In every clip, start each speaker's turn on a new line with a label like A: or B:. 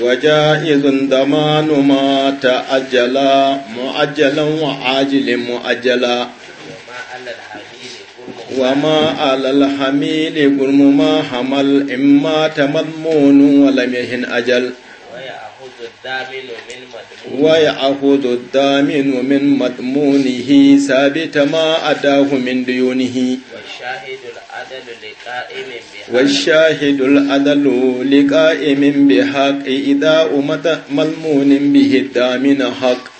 A: وجائز ضمان ما تأجل مؤجلا وعاجل مؤجلا وما على الحميل قرم ما حمل إما تمضمون ولم يهن أجل ويأخذ الدامن من مضمونه ثابت ما أداه من ديونه والشاهد والشاهد العدل لقائم بحق إذا أمت ملمون به الدامن حق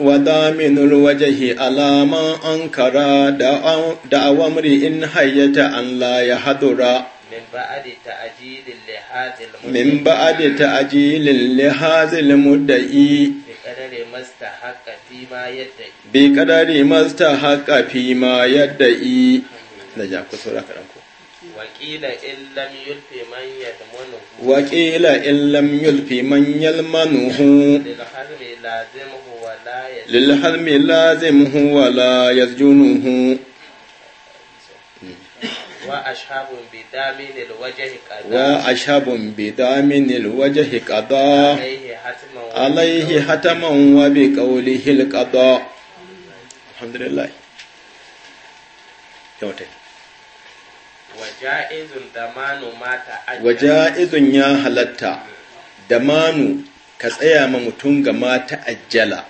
A: ودامن الوجه على ما أنكر دعوى امرئ حية أن لا يحضر من بعد تأجيل لهذا المدعي kadare masta haƙa fi ma yadda i bi kadare masta haƙa fi ma yadda i da ja ku saura ko waƙila in lam yulfi man yalmanu in lam yulfi man yalmanu lil halmi lazim huwa la wa ashabun bidamin alwajhi qada alaihi hataman wa bi hil alqada alhamdulillah kyautai waja'izun ya halatta da manu ka tsaya ma mutum ga mata ajjala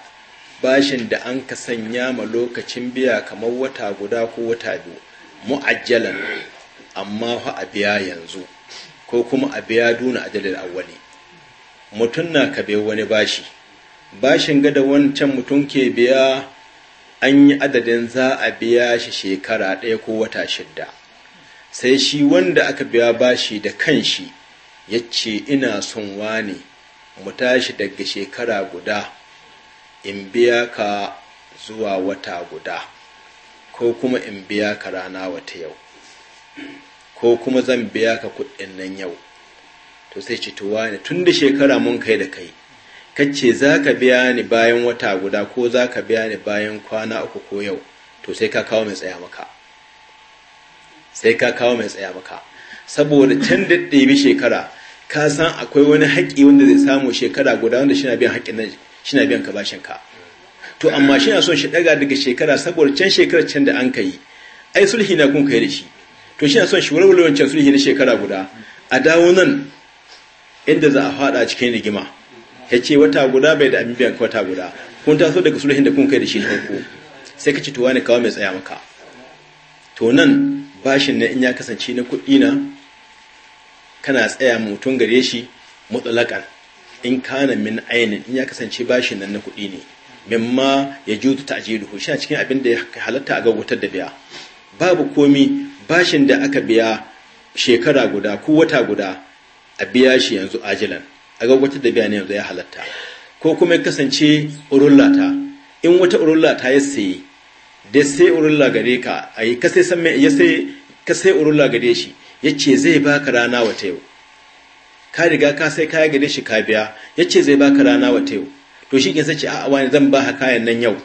A: bashin da an ka sanya ma lokacin biya kamar wata guda ko wata biyu mu'ajjalan amma fa a biya yanzu ko kuma a biya duna ajalil awwali mutum na ka biya wani bashi bashin gada wancan mutum ke biya an yi adadin za a biya shi shekara ɗaya ko wata shidda sai shi wanda aka biya bashi da kanshi ya ce ina son wani mu tashi daga shekara guda in biya ka zuwa wata guda ko kuma in biya ka rana wata yau ko kuma zan biya ka kuɗin nan yau to sai ci tuwa ne tun da shekara mun kai da kai kace za ka biya ni bayan wata guda ko za ka biya ni bayan kwana uku ko yau to sai ka kawo mai tsaya maka sai ka kawo mai tsaya maka saboda can da shekara ka san akwai wani haƙƙi wanda zai samu shekara guda wanda shi na biyan haƙƙin na shi na biyan ka bashin ka to amma shi na son shi daga daga shekara saboda can shekarar can da an kai ai sulhi na kun kai da shi to shi na son shi warware wancan sulhi na shekara guda a dawo nan inda za a fada cikin rigima ya ce wata guda bai da abin biyan wata guda kun taso daga sulhin da kun kai da shi na farko sai ka ci tuwa ne kawo mai tsaya maka to nan bashin na in ya kasance na kuɗi na kana tsaya mutum gare shi mutsalakan in kana min ainin in ya kasance bashin nan na kuɗi ne mimma ya juzu ta'jiluhu shi cikin abin da ya halatta a gaggautar da biya babu komi bashin da aka biya shekara guda ko wata guda a biya shi yanzu ajilan a gaggautar da biya ne yanzu ya halatta ko kuma ya kasance urullata in wata urullata ya sayi da sai urulla gare ka a yi sai kasai urulla gare shi ya ce zai baka rana wata yau ka riga ka sai kaya gare shi ka biya ya ce zai baka rana wata yau to shi ke sai ce a'a wani zan ba kayan nan yau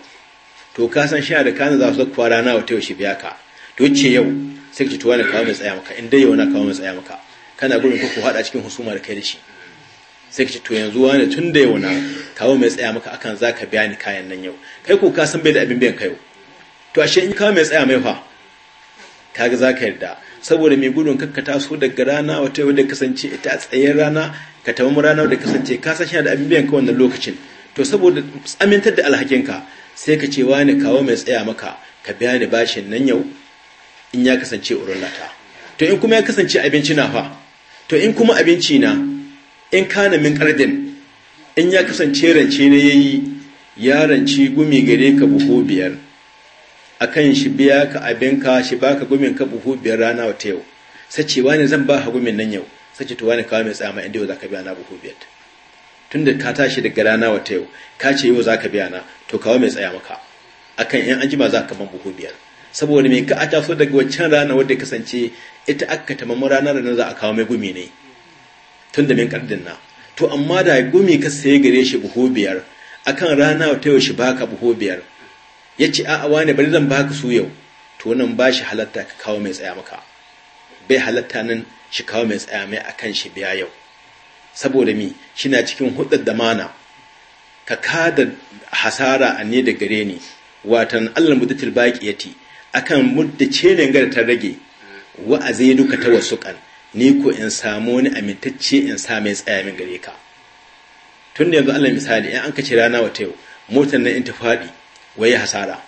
A: to ka san shi da kana za su kwa rana wata yau shi biya ka to ce yau sai ka ce to wani kawo mai tsaya maka in dai yau na kawo mai tsaya maka kana gudun ko ku haɗa cikin husuma da kai da shi sai ka ce to yanzu wani tun da yau na kawo mai tsaya maka akan za ka biya ni kayan nan yau kai ko ka san bai da abin biyan kai to ashe in kawo mai tsaya mai fa kaga za ka yarda saboda mai gudun kakka taso daga rana wata yau da kasance ita a tsayen rana ka tamu rana da kasance ka san shi da abin biyan ka wannan lokacin to saboda amintar da alhakinka sai ka ce wani kawo mai tsaya maka ka biya ni bashin nan yau in ya kasance urullata to in kuma ya kasance abinci na fa to in kuma abinci na in kana min kardin in ya kasance rance ne yayi ya ranci gumi gare ka buhu biyar akan shi biya ka abinka shi baka gumin ka buhu biyar rana wata yau sai cewa wani zan ba ha gumin nan yau sai ce to wani kawo mai tsaya ma inda yau zaka biya na buhu biyar tunda ka tashi daga rana wata yau ka ce yau zaka biya na to kawo mai tsaya maka kan yan anjima za ka ban buhu biyar saboda mai ka ata so daga waccan rana wadda kasance ita aka tamamu ranar da za a kawo mai gumi ne tunda min kardin na to amma da gumi ka sai gare shi buhu biyar akan rana wata yau shi baka buhu biyar ya ce a'a wane bari zan baka su yau to nan ba shi halatta ka kawo mai tsaya maka bai halatta nan shi kawo mai tsaya mai akan shi biya yau saboda mi na cikin hudar da mana ka kada hasara a ne da gare ni watan allah muddatul a akan muddace ne ga ta rage wa duka ta wasu kan ni ko in samu wani amintacce in sa mai tsaya min gare ka tun da yanzu allah misali in an kace rana wata yau motar nan in ta fadi waye hasara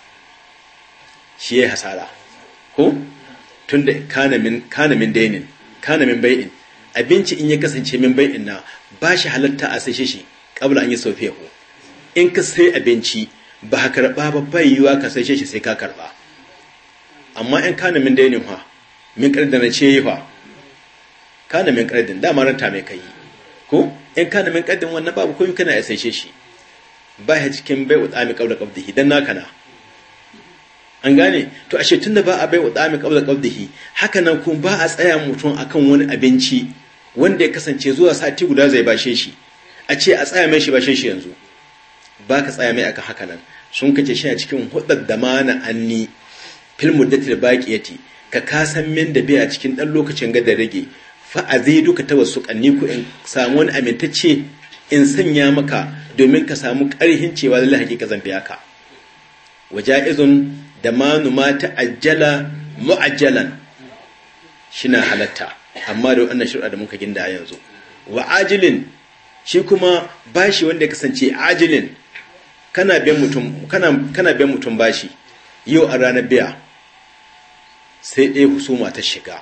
A: shi ya hasara ko tun da kana min dainin kana min abinci in ya kasance min bai ina ba shi halatta a sai shi kabla an yi sofiyahu in ka sai abinci ba ka karba ba bai yiwa ka sai shi sai ka karba amma in kana min dainin fa min karda na ce fa kana min kardin dama ranta mai kai ko in kana min kardin wannan babu komai kana ya sai shi ba ya cikin bai wa tsami kabla kabdihi dan naka na an gane to ashe tunda ba a bai wa tsami kabla kabdihi haka nan kun ba a tsaya mutum akan wani abinci wanda ya kasance zuwa sati guda zai bashe shi a ce a tsaya mai shi bashe shi yanzu ba ka tsaya mai aka haka nan sun kace shi a cikin hudar da mana anni fil baki baqiyati ka kasan min da biya cikin dan lokacin ga da rage fa azidu ka kanni ku in samu wani amintacce in sanya maka domin ka samu karhin cewa lallai hakika zan biya ka wajaizun da manu ma ajjala mu'ajjalan shina halatta amma da wannan shirya da muka ginda yanzu wa ajilin shi kuma bashi wanda ya kasance ajilin kana biyan mutum bashi yau a ranar biya sai ɗaya husuma ta shiga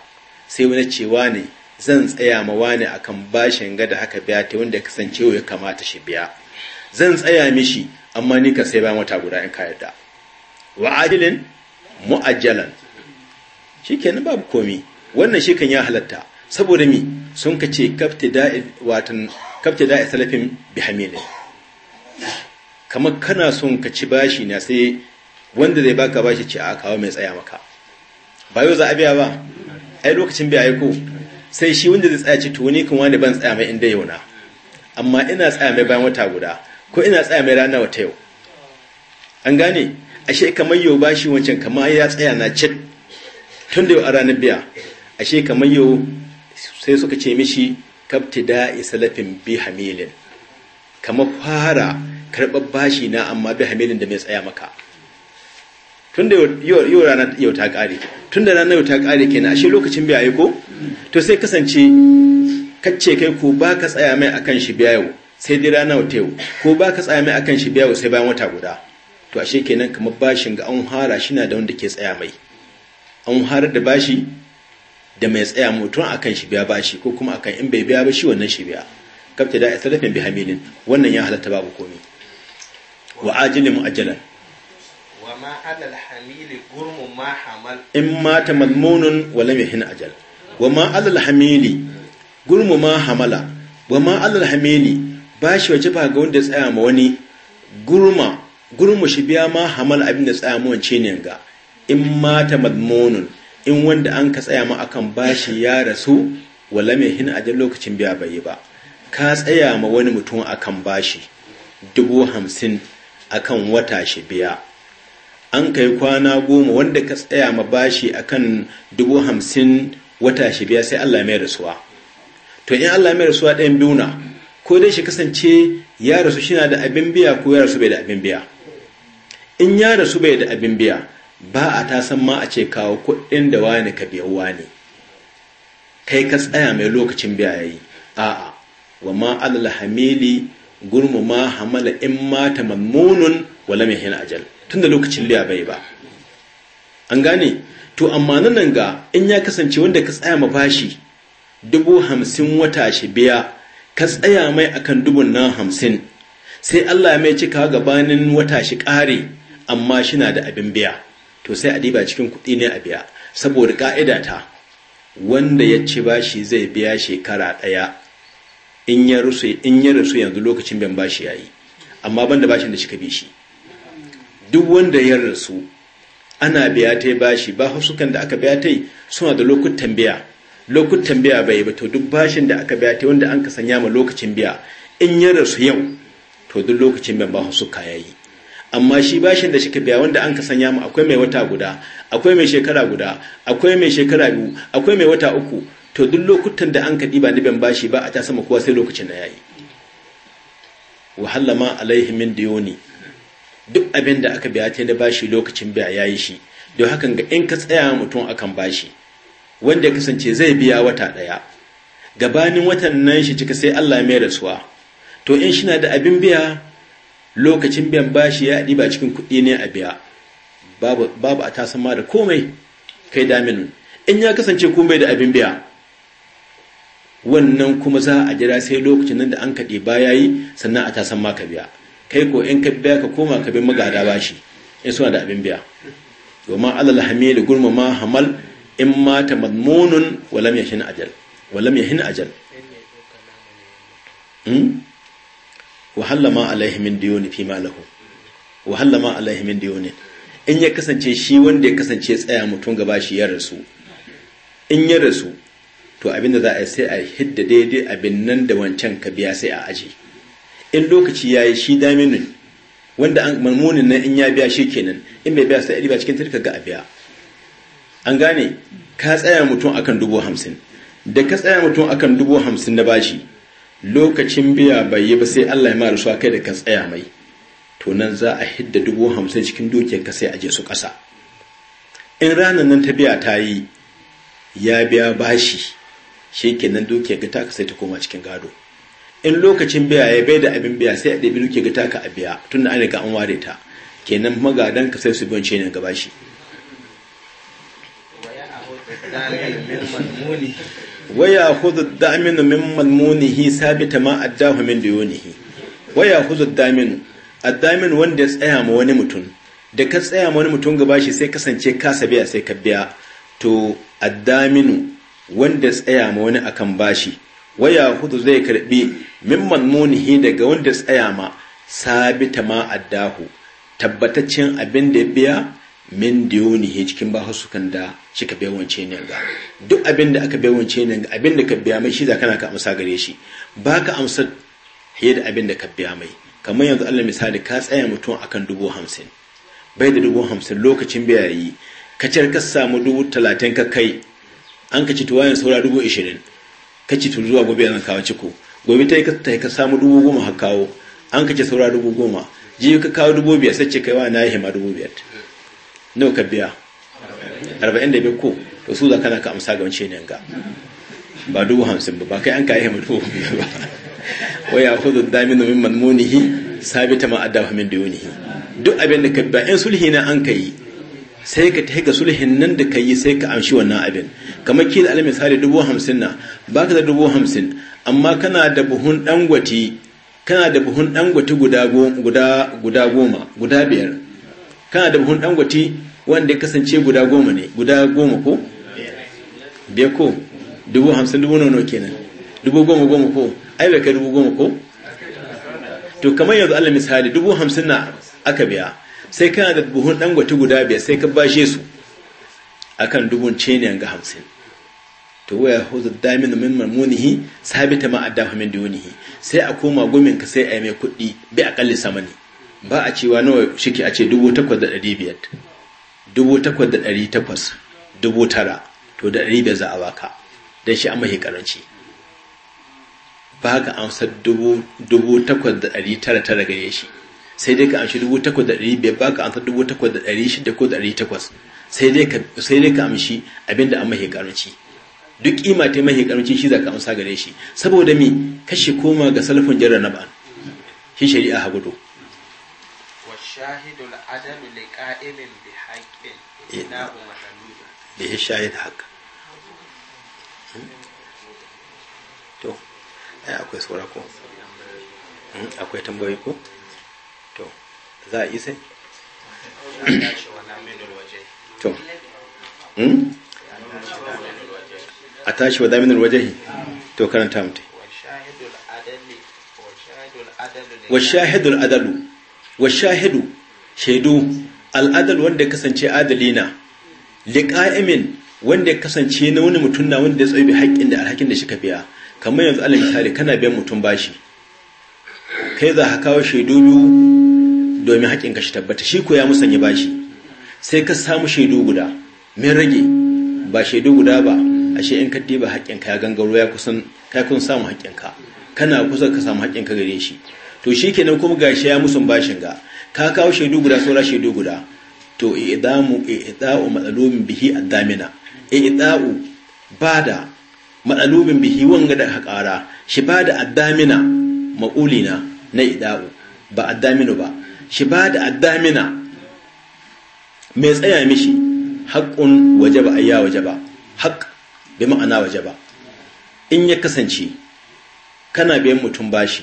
A: sai wani cewa ne zan tsaya ma wani akan bashin da haka biya ta wanda ya kasance ya kamata shi biya zan tsaya mishi amma ni ka sai bayan wata guda in ka yarda wa ajilin mu'ajjalan shikenan babu komi wannan shi kan ya halatta saboda mi sun ka ce kafta da'a salafin bihamilin kama kana son ka ci bashi na sai wanda zai baka bashi ci a kawo mai tsaya maka ba yau za a biya ba ai lokacin biya ya ko sai shi wanda zai tsaya ci to kan wani ban tsaya mai inda yau na amma ina tsaya mai bayan wata guda ko ina tsaya mai rana wata yau an gane ashe kamar yau bashi wancan kamar ya tsaya na cin tun da yau a ranar biya ashe kamar yau sai suka ce mishi kaftida isalafin bi hamilin kama fara karɓar bashi na amma bi hamilin da mai tsaya maka tun da yau rana yau ta ƙare tun da rana yau ta ƙare kenan ashe lokacin biya ko to sai kasance kacce kai ko ba ka tsaya mai akan shi biya yau sai dai rana wata yau ko ba ka tsaya mai akan shi biya yau sai bayan wata guda to ashe kenan kamar bashin ga an hara shi na da wanda ke tsaya mai an harar da bashi da mai tsaya mutum akan shi biya bashi ko kuma akan in bai biya ba shi wannan shi biya kafta da sarrafin bi hamilin wannan ya halatta babu komai wa ajili ajalan. wa ma alal hamili gurmu ma hamal in mata malmunun wa lam yahin ajal wa ma alal hamili gurmu ma hamala wa ma alal hamili bashi wace ba ga wanda tsaya ma wani gurma gurmu shi biya ma hamal abin da tsaya mu wance ne ga in mata malmunun in wanda an ka tsaya ma akan bashi ya rasu wala mai hin ajal lokacin biya bai yi ba ka tsaya ma wani mutum akan bashi dubu hamsin akan wata shi biya an kai kwana goma wanda ka tsaya ma bashi akan dubu hamsin wata shi biya sai Allah mai rasuwa to in Allah mai rasuwa ɗayan biyu ko dai shi kasance ya rasu na da abin biya ko ya rasu bai da abin biya in ya rasu bai da abin biya ba a ta san ma a ce kawo kuɗin da wani ka biyan ne. kai ka tsaya mai lokacin biya yayi a'a wa ma alal hamili gurmu ma hamala in mata mamunun wala mai hin ajal tunda lokacin liya bai ba an gane to amma nan ga in ya kasance wanda ka tsaya ma bashi dubu hamsin wata shi biya ka tsaya mai akan dubun nan hamsin sai Allah ya mai cika gabanin wata shi ƙare amma shi na da abin biya to sai a diba cikin kuɗi ne a biya saboda ka'ida ta wanda ya ci bashi zai biya shekara ɗaya in ya rusu in ya rusu yanzu lokacin ban bashi yayi amma banda bashin da shika bi shi duk wanda ya rasu ana biya ta bashi ba hausukan da aka biya ta suna da lokutan biya lokutan biya bai ba to duk bashin da aka biya ta wanda an ka sanya ma lokacin biya in ya rasu yau to duk lokacin ban ba hausuka yayi amma shi bashin da shika biya wanda an ka sanya mu akwai mai wata guda akwai mai shekara guda akwai mai shekara biyu akwai mai wata uku to duk lokutan da an ka ɗiba niben bashi ba a ta sama kowa sai lokacin da yayi wahalla ma alaihi min diyoni duk abin da aka biya ta da bashi lokacin biya yayi shi don hakan ga in ka tsaya mutum akan bashi wanda ya kasance zai biya wata ɗaya gabanin watan nan shi cika sai Allah ya mai rasuwa to in shi na da abin biya lokacin biyan bashi ya ɗiba cikin kuɗi ne a biya babu a tasan ma da komai kai damin in ya kasance komai da abin biya wannan kuma za a jira sai lokacin nan da an kaɗe baya yi sannan a tasan ma ka biya kai ko in ka biya ka koma ka bin magada bashi in suna da abin biya domin alal hamidu gurmama hamal in mata madmunun walam yahin ajal wahalla ma alaihi min diyoni fi ma lahu alaihi min diyoni in ya kasance shi wanda ya kasance tsaya mutum gaba shi ya rasu in ya rasu to abinda za a yi sai a hidda daidai abin nan da wancan ka biya sai a aji in lokaci ya yi shi daminin wanda an mamunin nan in ya biya shi kenan in bai biya sai a riba cikin tarka ga a biya an gane ka tsaya mutum akan dubu hamsin da ka tsaya mutum akan dubu hamsin na bashi lokacin biya bai yi ba sai Allah ya mara su kai da ka tsaya mai to nan za a hidda dubu hamsin cikin dukiyar ka sai a je su ƙasa in ranar nan ta biya ta yi ya biya bashi shi nan dukiyar ga taka sai ta koma cikin gado in lokacin biya ya bai da abin biya sai a ɗabi dukiyar ga taka a biya tun da an riga an ware ta kenan magadan ka sai su biyan ce ne ga bashi waya huzu daminu min malmunihi sabita ma addahu min duyunihi waya huzu daminu addamin wanda ya tsaya ma wani mutum da ka tsaya ma wani mutum gaba shi sai kasance kasa biya sai ka biya to addaminu wanda ya tsaya ma wani akan bashi waya hudu zai karbi min malmunihi daga wanda ya tsaya ma sabita ma addahu tabbataccen abin da ya biya min he cikin bahasukan da cika baiwance ne ga duk abin da aka baiwance ne ga abin da ka biya mai shi za kana ka amsa gare shi ba ka amsa fiye da abin da ka biya mai kamar yanzu allah misali ka tsaya mutum akan dubu hamsin bai da dubu hamsin lokacin biya yi ka ciyar ka samu dubu talatin ka kai an ka ci tuwayen saura dubu ishirin ka ci zuwa gobe zan kawo ciko gobe ta yi ka samu dubu goma ka kawo an ka ci saura dubu goma jiya ka kawo dubu biyar sai ce kai wa na yi hima dubu biyar nawa ka biya 45 ko to su za kana ka amsa ga wance ne ga ba dubu hamsin ba kai an kayi hamdu ba waya hudu daminu min manmunihi sabita ma addahu min dunihi duk abin da ka biya in sulhi na an kai sai ka ta ga sulhin nan da ka yi sai ka amshi wannan abin kamar kila alal misali dubu hamsin na baka da dubu hamsin amma kana da buhun dangwati kana da buhun dangwati guda goma guda biyar kana da buhun dangote wanda ya kasance guda goma ne guda goma ko biya ko dubu hamsin dubu nono kenan dubu goma goma ko ai bai kai dubu goma ko to kamar yanzu allah misali dubu hamsin na aka biya sai kana da buhun dangote guda biya sai ka bashe su akan dubun ceniyan ga hamsin to waya huzu damin min mamunihi sabita ma addafa min dunihi sai a koma gomin ka sai a yi mai kuɗi bi kalli samani ba a cewa nawa shike a ce 8,500 dubu tara to da 500 za a baka don shi an mahi karanci ba ka amsa 8,900 gare shi sai dai ka amshi 8,500 ba ka amsa 8,600 ko takwas sai dai ka amshi abinda an mahi karanci duk ima ta mahi karanci shi za ka amsa gare shi saboda mi kashi koma ga salafin jirar na ba shi shari'a ha gudu shahidul adalu li qa'imin bi haqqin innahu madalula bi hmm? to ai akwai saura ko hmm? akwai tambayoyi ko to za a yi to hmm? a tashi wa daminul wajahi to karanta mutai wa shahidul adalu wa shahidu shaidu al'adal wanda ya kasance adalina liƙa’imin wanda ya kasance na wani mutum na wanda ya tsaye bi haƙƙin da alhakin da shi ka biya kamar yanzu alal misali kana biyan mutum bashi kai za ka kawo shaidu biyu domin haƙƙin shi tabbata shi ko ya musanya bashi sai ka samu shaidu guda min rage ba shaidu guda ba ashe in ka diba haƙƙin ka ya gangaro ya kusan kai kun samu haƙƙin ka kana kusa ka samu haƙƙin ka gare shi to shi kenan kuma gashi ya musu bashin ga ka kawo shaidu guda saura shaidu guda to i'damu i'da'u matsalumin bihi addamina i'da'u bada matsalubin bihi wanga da hakara shi bada addamina maƙulina na i'da'u ba addaminu ba shi bada addamina mai tsaya mishi haƙƙun waje ba ayya waje ba haƙ bi ma'ana waje ba in ya kasance kana biyan mutum bashi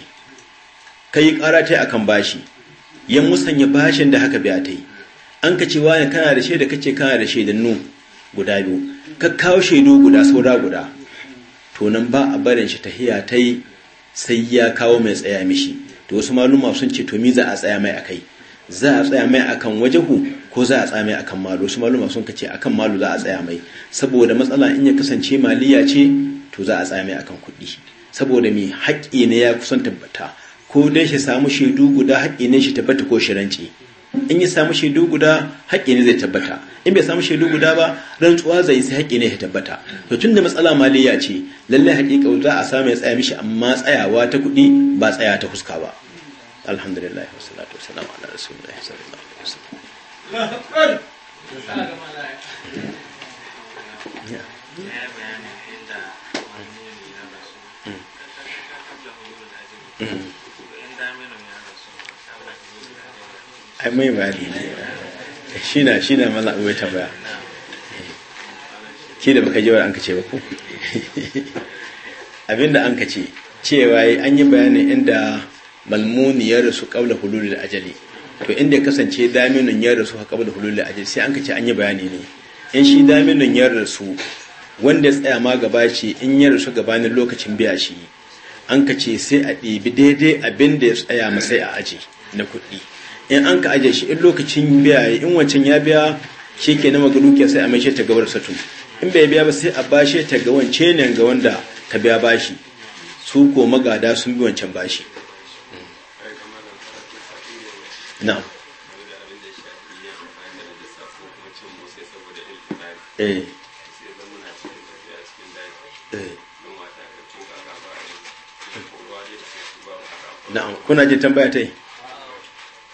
A: ka yi ƙara ta akan bashi ya musanya bashin da haka biya ta yi an ka ce wani kana da shaida kace kana da shaidannu guda biyu ka kawo shaidu guda saura guda to nan ba a barin shi ta hiya ta yi sai ya kawo mai tsaya mishi to wasu maluma sun ce to mi za a tsaya mai a kai. za a tsaya mai akan wajahu ko za a tsaya mai akan malu wasu maluma sun kace akan malu za a tsaya mai saboda matsala in ya kasance maliya ce to za a tsaya mai akan kuɗi saboda mai haƙƙi ne ya kusan tabbata ko dai shi samu shaidu guda haƙƙi ne shi tabbata ko shiranci in ya samu shaidu guda haƙƙi ne zai tabbata in bai samu shaidu guda ba rantsuwa zai sai haƙƙi ne ya tabbata to tun da matsala maliya ce lallai haƙiƙa za a samu ya tsaya mishi amma tsayawa ta kuɗi ba tsaya ta huska ba alhamdulillah wa salatu wa salam ala rasulillah sallallahu alaihi wasallam Mm-hmm. ai mai bayani ne shi na shi na maza abuwa tambaya ke da baka jiwar an ka ce ba ku abinda an ka ce cewa an yi bayanin inda malmuni ya rasu kawla hululul ajali to inda ya kasance daminun ya rasu ha kawla hululul ajali sai an ka ce an yi bayani ne in shi daminun ya rasu wanda ya tsaya ma gaba ce in ya rasu gabanin lokacin biya shi an ka ce sai a ɗibi daidai abin da ya tsaya masai a aji na kuɗi in an ka ajiye shi in lokacin biya in wancan ya biya shi ke na ga ke sai a mai ta gabar satun in bai biya ba sai a bashe ta ga wance ne ga wanda ka biya bashi su ko magada sun bi wancan bashi na'am eh. Eh. na'am kuna jin tambaya ta yi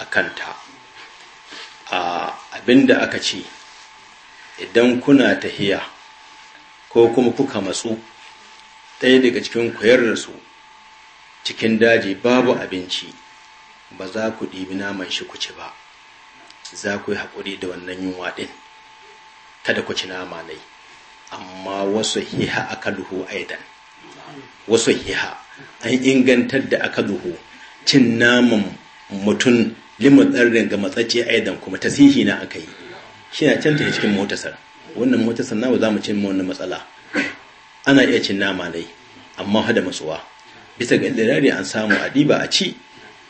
A: a kanta abinda aka ce idan kuna tahiya ko kuma kuka matsu ɗaya daga cikin koyar da su cikin daji babu abinci ba za ku ɗibi naman shi ku ci ba za ku yi haƙuri da wannan yunwa ɗin kada ku ci nama nai amma wasu hiha aka duhu aidan wasu hiha an ingantar da aka duhu cin naman mutum limutsarrin ga matsacce aidan kuma tasihi na aka yi shi na canta cikin motasar wannan motasar na za mu cin wannan matsala ana iya cin nama ne amma hada matsuwa bisa ga ilirari an samu a ɗiba a ci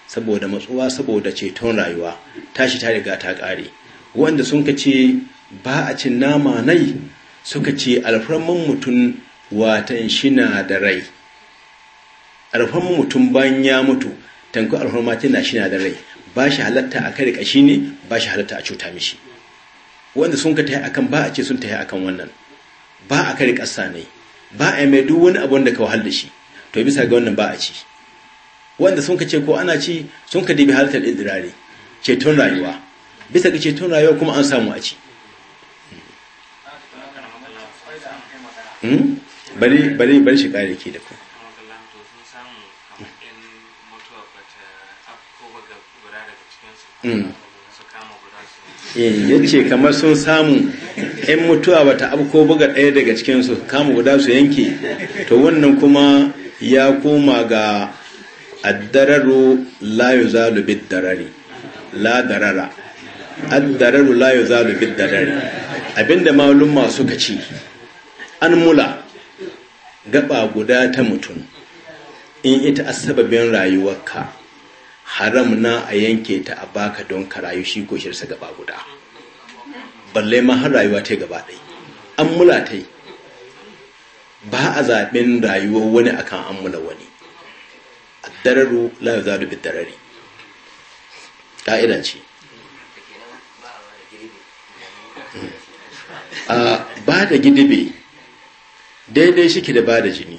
A: saboda matsuwa saboda ceton rayuwa tashi ta riga ta ƙare wanda sun ka ce ba a cin nama nai suka ce alfarman mutum watan shina da rai alfarman mutum bayan ya mutu tanku alfarma tana shina da rai ba shi halatta a kare kashi ne ba shi halatta a cuta mishi wanda sun ka tahi akan ba a ce sun tahi akan wannan ba a kare ƙasa ne ba a mai duk wani abu wanda ka wahal da shi to bisa ga wannan ba a ci wanda sun ka ce ko ana ci sun ka dibi halittar idirari ceton rayuwa bisa ga ceton rayuwa kuma an samu a ci hmm? bari bari bari shi kare ke da ku Mm. Eh, ya ce kamar sun samu yan mutuwa bata abko buga ɗaya daga cikinsu kama guda su yanke to wannan kuma ya koma ga addararu layu zalu bid darari la darara addararu layu zalu darari abinda malumma suka kaci an mula gaba guda ta mutum in ita asababin rayuwarka haram na a yanke ta a baka don ka rayu shi ko shirsa gaba guda balle ma har rayuwa ta gaba ɗai an mula ta ba a zaɓin rayuwar wani akan an mula wani addararu la ya zaɗu biddarari ƙa'idan ce a ba da gidibe daidai shike da ba da jini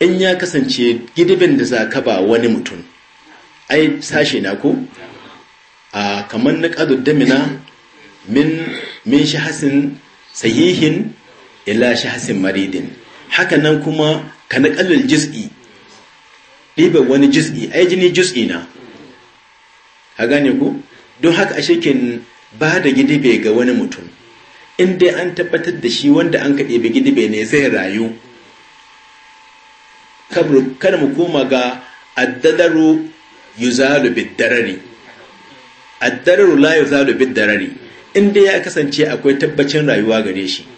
A: in ya kasance gidibin da za ka ba wani mutum ai sashe na ko a kamar na ƙadu damina min shi shahasin sahihin ila shahasin maridin haka nan kuma ka na ƙalil jis'i ɗiba wani jis'i ai jini jis'i na ka gane ku don haka a shekin ba da gidibe ga wani mutum inda an tabbatar da shi wanda an kaɗe bai gidibe ne zai rayu kada mu koma ga addadaru yuzalu bid-darari ad la yuzalu bid-darari inda ya kasance akwai tabbacin rayuwa gare shi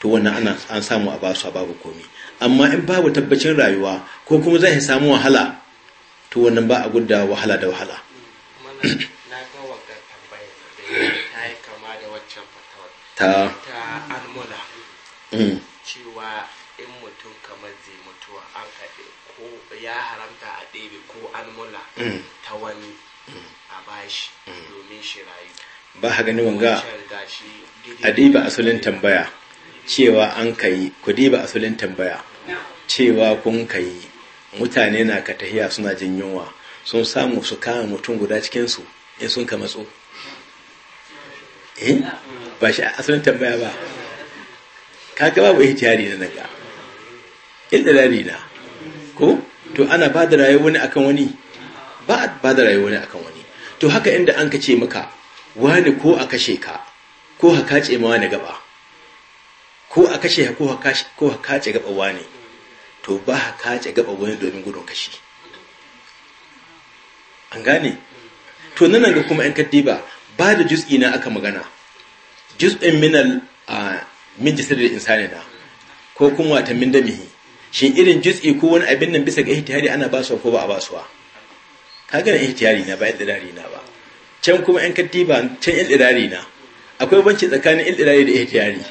A: to wannan ana an samu a basu babu komai amma in babu tabbacin rayuwa ko kuma zai samu wahala to wannan ba a gudda wahala da wahala ta ta mm. cewa ya haramta a ɗebe ko an mula mm. ta wani mm. a bashi mm. domin shi rayu ba ha gani wanga a ɗiba asalin tambaya cewa an kai ku ɗiba asalin tambaya cewa kun kai mutane na ka katahiya suna jin yunwa sun samu su kama mutum guda cikinsu in sun ka matso eh ba shi asalin tambaya ba kaga babu ihtiyari na naga illa na ko to ana ba da rayuwa wani akan wani ba ba da rayuwa wani akan wani to haka inda an kace maka wani ko a kashe ka ko ha kace ma wani gaba ko a kashe ka ko ha kashe ko ha kace gaba wani to ba ha kace gaba wani domin gudun kashi an gane to nan ga kuma yan kaddi ba da juz'i na aka magana juz'in minal ah, min jisadil insani na ko kuma wata min mihi shi irin juz'i ko wani abin nan bisa ga ihtiyari ana su ko ba a basuwa kaga na ihtiyari na ba idrari na ba can kuma yan katiba can idrari na akwai banci tsakanin idrari da ihtiyari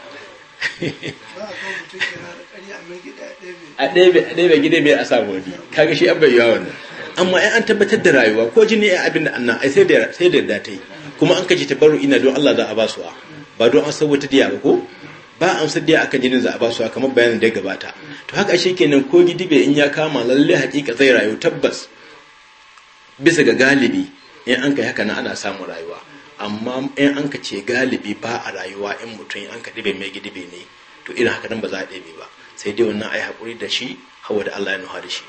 A: a a bai gida mai samu wani kaga shi abin yawa wannan amma ai an tabbatar da rayuwa ko jini ai abin da annan ai sai da sai da yi kuma an kaji tabarru ina don Allah za a basuwa ba don an sauwata diya ba ko ba a amsar da aka jinin za a ba su kamar bayanin da ya gabata to haka shi kenan ko gidibe in ya kama lalle hakika zai rayu tabbas bisa ga galibi in an kai haka na ana samun rayuwa amma in an ka ce galibi ba a rayuwa in mutum in an ka dibe mai gidibe ne to irin haka nan ba za a ɗebe ba sai dai wannan ai haƙuri da shi hawa da Allah ya nuha da shi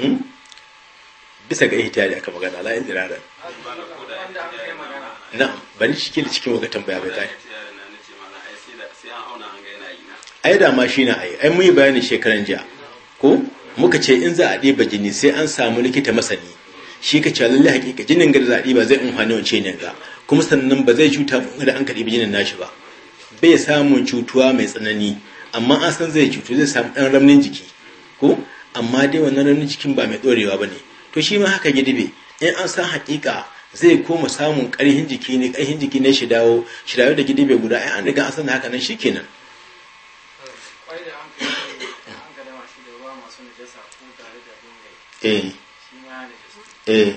A: hmm? bisa ga da aka magana la'in in na ban bani shi cikin waka tambaya bai tsaye ai da ma shi na ai ai mun yi bayanin shekaran jiya ko muka ce in za a ɗiba jini sai an samu likita masani shi ka cewa lallai hakika jinin ga za a ɗiba zai amfani wance ne ga kuma sannan ba zai cuta da an ka ɗiba jinin nashi ba bai samun cutuwa mai tsanani amma an san zai cutu zai samu ɗan ramnin jiki ko amma dai wannan ramnin jikin ba mai ɗorewa ba ne to shi ma haka gidibe in an san hakika zai koma samun ƙarhin jiki ne ƙarhin jiki ne shi dawo shi dawo da gidibe guda ai an riga an san haka nan shikenan Eh. Eh. eh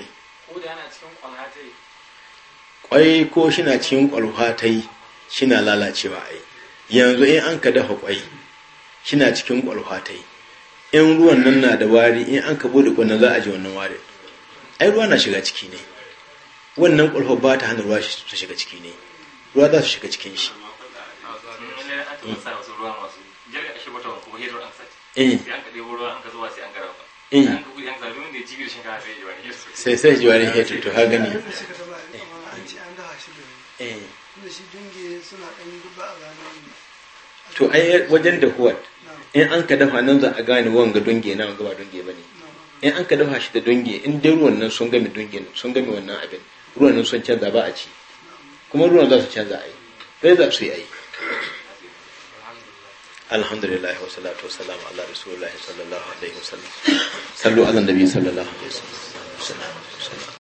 A: kwai ko shi na cikin kwalfatai shi na lalacewa ai yanzu in an ka dafa kwai shi na cikin yi in ruwan nan na da wari in an ka bude kwanan za a ji wannan wari ai ruwa na shiga ciki ne wannan kwalfa ba ta hana ruwa su shiga ciki ne ruwa za su shiga cikin shi eh Eh.
B: sai sai jiwari hetu to ha gani
A: eh. to ai wajen da huwat in an ka dafa nan za a gane ga dunge na wanga ba dunge bane in an ka dafa shi da dunge in dai ruwan nan sun game dunge sun game wannan abin ruwan nan sun canza ba a ci kuma ruwan za su canza ai bai za su yi ai alhamdulillah wa salatu wa salam ala rasulillah sallallahu alaihi wasallam sallu ala nabi sallallahu alaihi wasallam